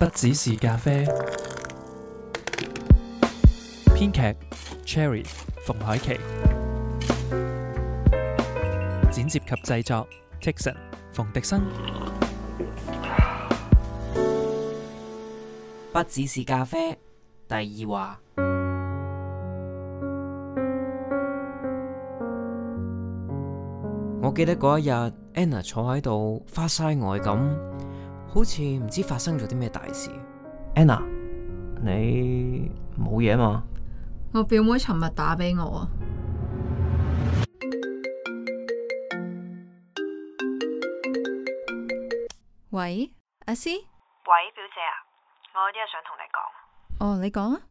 不只是咖啡。編劇 Cherry 馮海琪，剪接及製作 Tikson 馮迪生。不只是咖啡。第二話。我記得嗰一日 Anna 坐喺度發呆咁。好似唔知發生咗啲咩大事，Anna，你冇嘢嘛？我表妹尋日打畀我啊。喂，阿思？喂，表姐啊，我有啲嘢想同你講。哦，你講啊。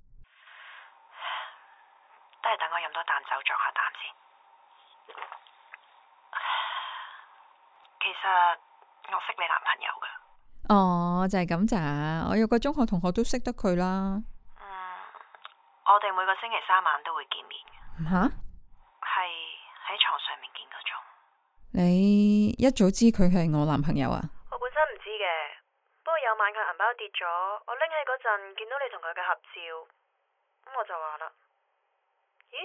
哦，就係咁咋，我有個中學同學都識得佢啦。嗯，我哋每個星期三晚都會見面。吓？啊，係喺床上面見嗰種。你一早知佢係我男朋友啊？我本身唔知嘅，不過有晚佢銀包跌咗，我拎起嗰陣見到你同佢嘅合照，咁我就話啦，咦，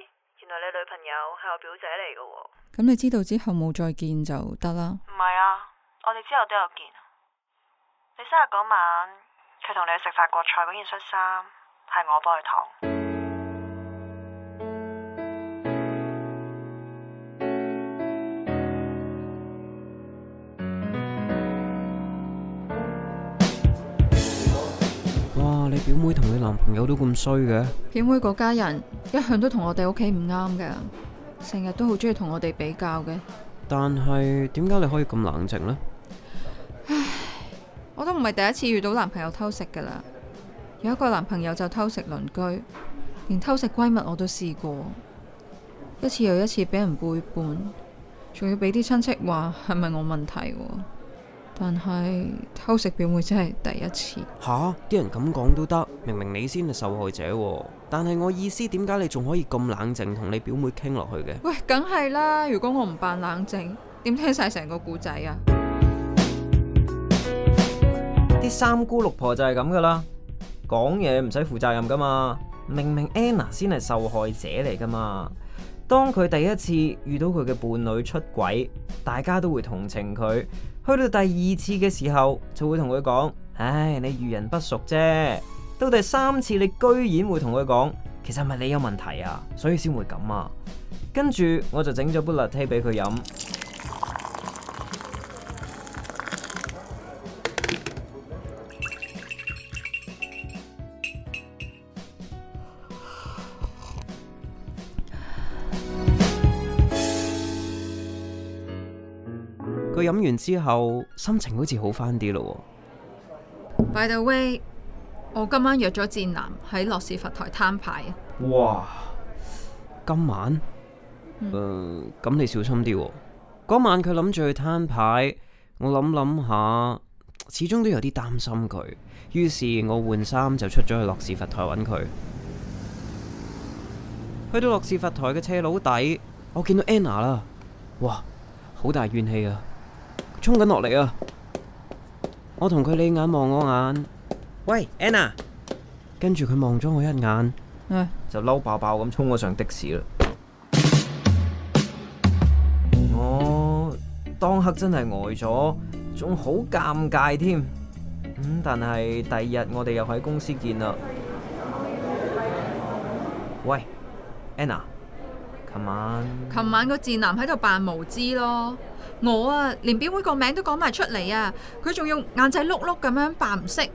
原來你女朋友係我表姐嚟嘅喎。咁你知道之後冇再見就得啦。唔係啊，我哋之後都有見。你生日嗰晚，佢同你去食法國菜嗰件恤衫，係我幫佢燙。哇！你表妹同你男朋友都咁衰嘅？表妹嗰家人一向都同我哋屋企唔啱嘅，成日都好中意同我哋比較嘅。但係點解你可以咁冷靜呢？唔係第一次遇到男朋友偷食噶啦，有一個男朋友就偷食鄰居，連偷食閨蜜我都試過，一次又一次俾人背叛，仲要俾啲親戚話係咪我問題？但係偷食表妹真係第一次。吓、啊，啲人咁講都得，明明你先係受害者，啊。但係我意思，點解你仲可以咁冷靜同你表妹傾落去嘅？喂，梗係啦，如果我唔扮冷靜，點聽晒成個故仔啊？啲三姑六婆就係咁噶啦，講嘢唔使負責任噶嘛。明明 Anna 先係受害者嚟噶嘛，當佢第一次遇到佢嘅伴侶出軌，大家都會同情佢。去到第二次嘅時候，就會同佢講：唉，你遇人不淑啫。到第三次，你居然會同佢講，其實係咪你有問題啊？所以先會咁啊。跟住我就整咗杯辣 T 俾佢飲。佢飲完之後心情好似好翻啲咯。By the way，我今晚約咗賤男喺諾士佛台攤牌。哇！今晚，誒、嗯，咁、呃、你小心啲。嗰晚佢諗住去攤牌，我諗諗下，始終都有啲擔心佢。於是我換衫，就出咗去諾士佛台搵佢。去到諾士佛台嘅車佬底，我見到 Anna 啦。哇，好大怨氣啊！衝緊落嚟啊！我同佢你眼望我眼，喂 Anna，跟住佢望咗我一眼，啊、就嬲爆爆咁衝我上的士啦。我、啊、當刻真係呆咗，仲好尷尬添。咁但係第二日我哋又喺公司見啦。喂 Anna，琴晚，琴晚個賤男喺度扮無知咯。我啊，連表妹個名都講埋出嚟啊！佢仲用眼仔碌碌咁樣扮唔識，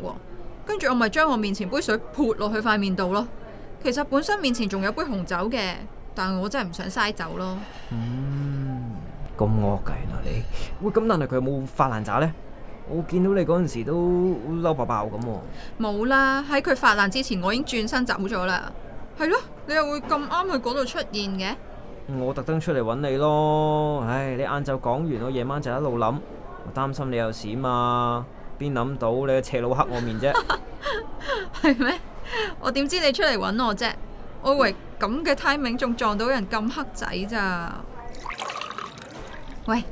跟住我咪將我面前杯水潑落去塊面度咯。其實本身面前仲有杯紅酒嘅，但係我真係唔想嘥酒咯。嗯，咁惡計啦你！喂，咁但係，佢有冇發爛渣呢？我見到你嗰陣時都嬲爆爆咁。冇啦，喺佢發爛之前，我已經轉身走咗啦。係咯，你又會咁啱去嗰度出現嘅？我特登出嚟揾你咯，唉，你晏晝講完，我夜晚就一路諗，我擔心你有事嘛，邊諗到你個斜佬黑我面啫？係 咩？我點知你出嚟揾我啫？我以為咁嘅 timing 仲撞到人咁黑仔咋？喂，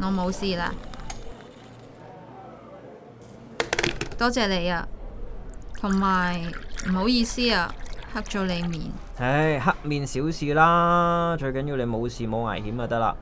我冇事啦，多謝你啊，同埋唔好意思啊。黑咗你面，唉，黑面小事啦，最緊要你冇事冇危險就得啦。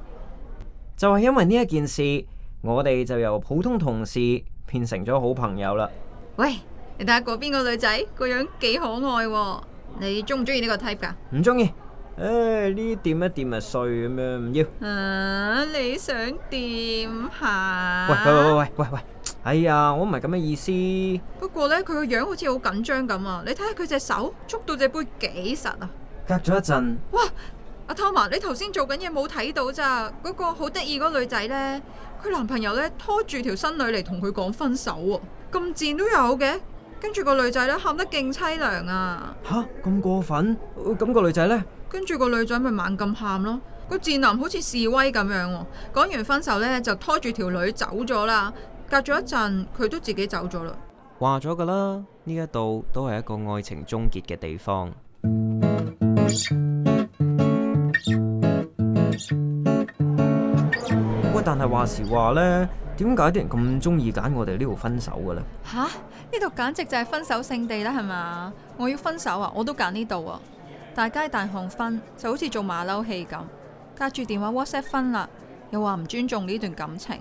就係因為呢一件事，我哋就由普通同事變成咗好朋友啦。喂，你睇下嗰邊個女仔，個樣幾可愛喎。你中唔中意呢個 type 噶？唔中意，唉，呢掂一掂啊碎咁樣，唔要。啊，你想掂下？喂喂喂喂喂喂！哎呀，我唔係咁嘅意思。不過呢，佢個樣好似好緊張咁啊！你睇下佢隻手捉到隻杯幾實啊！隔咗一陣，哇！阿湯啊，Thomas，你頭先做緊嘢冇睇到咋？嗰個好得意個女仔呢，佢男朋友呢，拖住條新女嚟同佢講分手喎！咁賤都有嘅。跟住個女仔呢，喊得勁淒涼啊！吓！咁過分？咁個女仔呢，跟住個女仔咪猛咁喊咯！個賤男好似示威咁樣，講完分手呢，就拖住條女走咗啦。隔咗一陣，佢都自己走咗啦。話咗噶啦，呢一度都係一個愛情終結嘅地方。喂，但係話時話呢，點解啲人咁中意揀我哋呢度分手嘅呢？吓，呢度簡直就係分手聖地啦，係嘛？我要分手啊，我都揀呢度啊！大街大巷分，就好似做馬騮戲咁，隔住電話 WhatsApp 分啦，又話唔尊重呢段感情。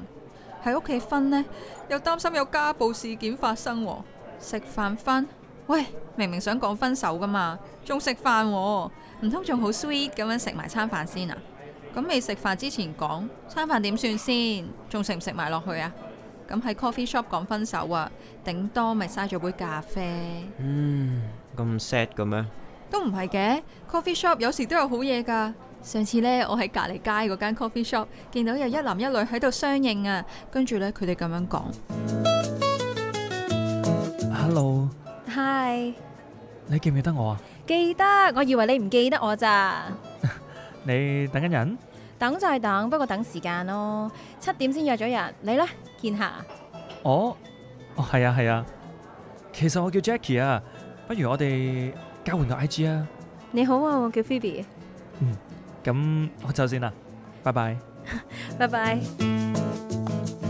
喺屋企分呢，又擔心有家暴事件發生啊。食飯分，喂，明明想講分手噶嘛，仲食飯？唔通仲好 sweet 咁樣食埋餐飯先啊？咁未食飯之前講餐飯點算先？仲食唔食埋落去啊？咁喺 coffee shop 講分手啊？頂多咪嘥咗杯咖啡。嗯，咁 sad 噶咩？都唔係嘅，coffee shop 有時都有好嘢噶。上次咧，我喺隔籬街嗰間 coffee shop 見到有一男一女喺度相認啊，跟住咧佢哋咁樣講：Hello，Hi，你記唔記得我啊？記得，我以為你唔記得我咋。 你等緊人？等就係等，不過等時間咯。七點先約咗人，你咧見客？oh? oh, 啊？哦係啊係啊，其實我叫 Jackie 啊，不如我哋交換個 IG 啊。你好啊，我叫 Phoebe。嗯。咁，我走先啦，拜拜，拜 拜。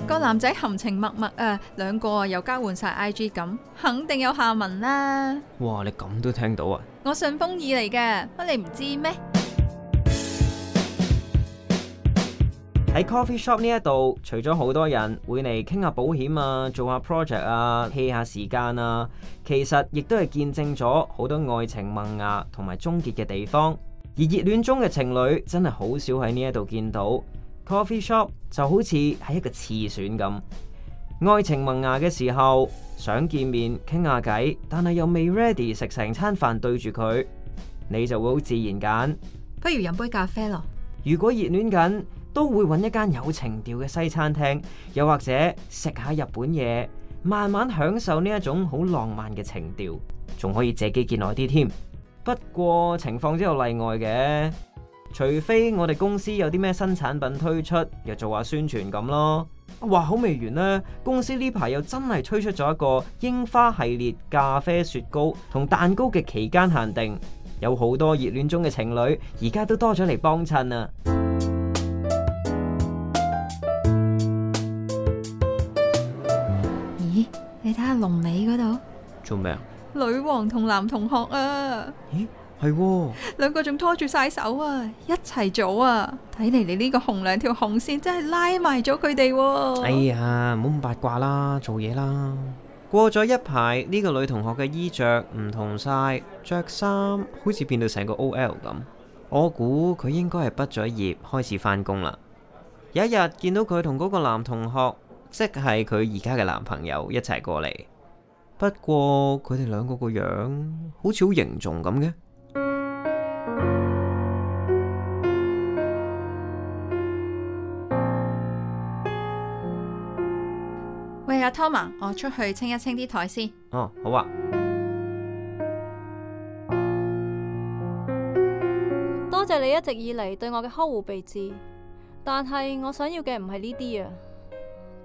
個男仔含情脈脈啊，兩個又交換晒 IG，咁肯定有下文啦。哇，你咁都聽到啊？我順風耳嚟嘅，乜你唔知咩？喺 coffee shop 呢一度，除咗好多人會嚟傾下保險啊，做下 project 啊，hea 下時間啊，其實亦都係見證咗好多愛情萌芽同埋終結嘅地方。而熱戀中嘅情侶真係好少喺呢一度見到 coffee shop，就好似係一個次選咁。愛情萌芽嘅時候，想見面傾下偈，但係又未 ready 食成餐飯對住佢，你就會好自然揀，不如飲杯咖啡咯。如果熱戀緊，都會揾一間有情調嘅西餐廳，又或者食下日本嘢，慢慢享受呢一種好浪漫嘅情調，仲可以借機見耐啲添。不過情況都有例外嘅，除非我哋公司有啲咩新產品推出，又做下宣傳咁咯。哇，好未完呢，公司呢排又真係推出咗一個櫻花系列咖啡、雪糕同蛋糕嘅期間限定，有好多熱戀中嘅情侶而家都多咗嚟幫襯啊！咦？你睇下龍尾嗰度做咩啊？女王同男同學啊？咦，係喎，兩個仲拖住晒手啊，一齊組啊！睇嚟你呢個紅兩條紅線真係拉埋咗佢哋。哎呀，唔好咁八卦啦，做嘢啦。過咗一排，呢個女同學嘅衣着唔同晒，着衫好似變到成個 OL 咁。我估佢應該係畢咗業，開始返工啦。有一日見到佢同嗰個男同學，即係佢而家嘅男朋友一齊過嚟。不過佢哋兩個個樣好似好凝重咁嘅。喂，阿 Thomas，我出去清一清啲台先。哦，啊啊，好啊。多謝你一直以嚟對我嘅呵護備至，但係我想要嘅唔係呢啲啊，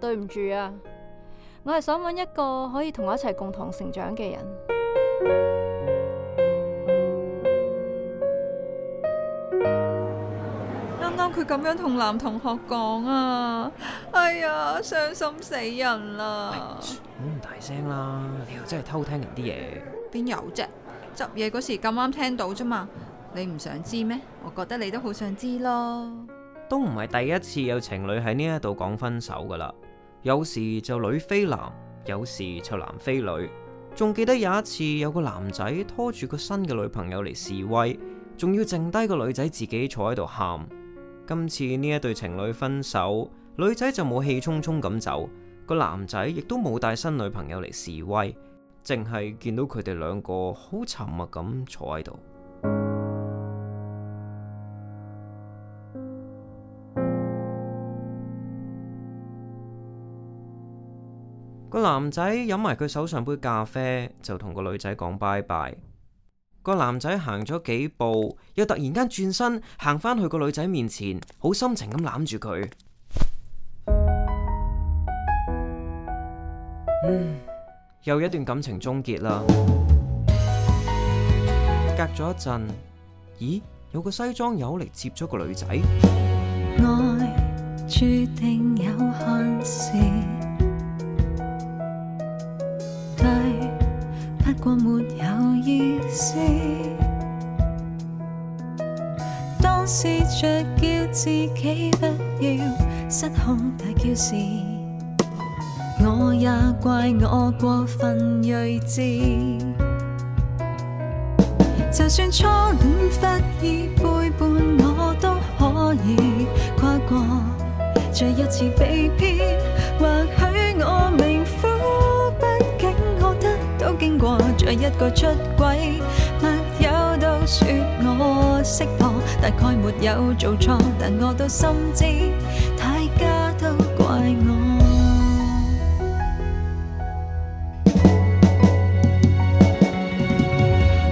對唔住啊。我係想搵一個可以同我一齊共同成長嘅人。啱啱佢咁樣同男同學講啊，哎呀，傷心死人啦！好唔大聲啦，你又真係偷聽人啲嘢？邊有啫？執嘢嗰時咁啱聽到啫嘛，你唔想知咩？我覺得你都好想知咯。都唔係第一次有情侶喺呢一度講分手噶啦。有時就女非男，有時就男非女。仲記得有一次，有個男仔拖住個新嘅女朋友嚟示威，仲要剩低個女仔自己坐喺度喊。今次呢一對情侶分手，女仔就冇氣冲冲咁走，個男仔亦都冇帶新女朋友嚟示威，淨係見到佢哋兩個好沉默咁坐喺度。個男仔飲埋佢手上杯咖啡，就同個女仔講拜拜。個男仔行咗幾步，又突然間轉身行翻去個女仔面前，好深情咁攬住佢。嗯，又一段感情終結啦。隔咗一陣，咦？有個西裝友嚟接咗個女仔。愛注定。自不要失控大叫時，我也怪我過分睿智。就算初戀忽爾背叛我都可以跨過，再一次被騙。或許我命苦，畢竟我得到經過再一個出軌。大概沒有做錯，但我都心知，大家都怪我。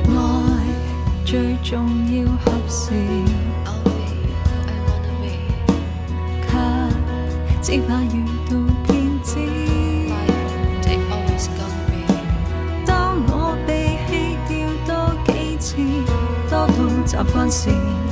愛最重要，合時。卻只怕遇到騙子。當我被棄掉多幾次，多到習慣時。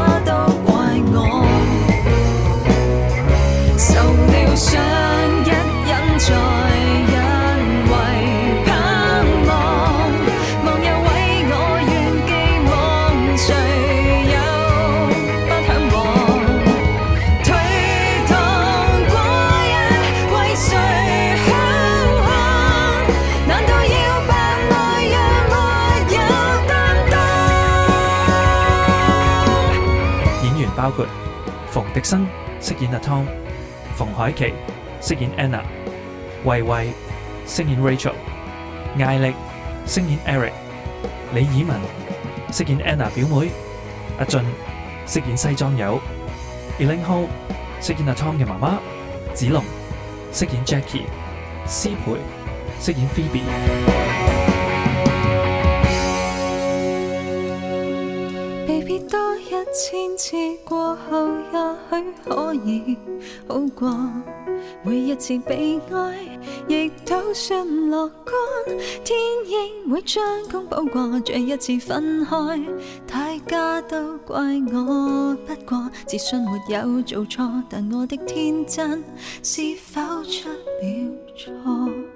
海琪飾演 Anna，慧慧飾演 Rachel，艾力飾演 Eric，李綺文飾演 Anna 表妹，阿俊飾演西裝友，Ellen Ho 飾演阿 Tom 嘅媽媽，子龍飾演 Jackie，施培飾演 Phoebe。被別多一千次過後。許可以好過，每一次被愛亦都算樂觀，天應會將功補過。這一次分開，大家都怪我，不過自信沒有做錯，但我的天真是否出了錯？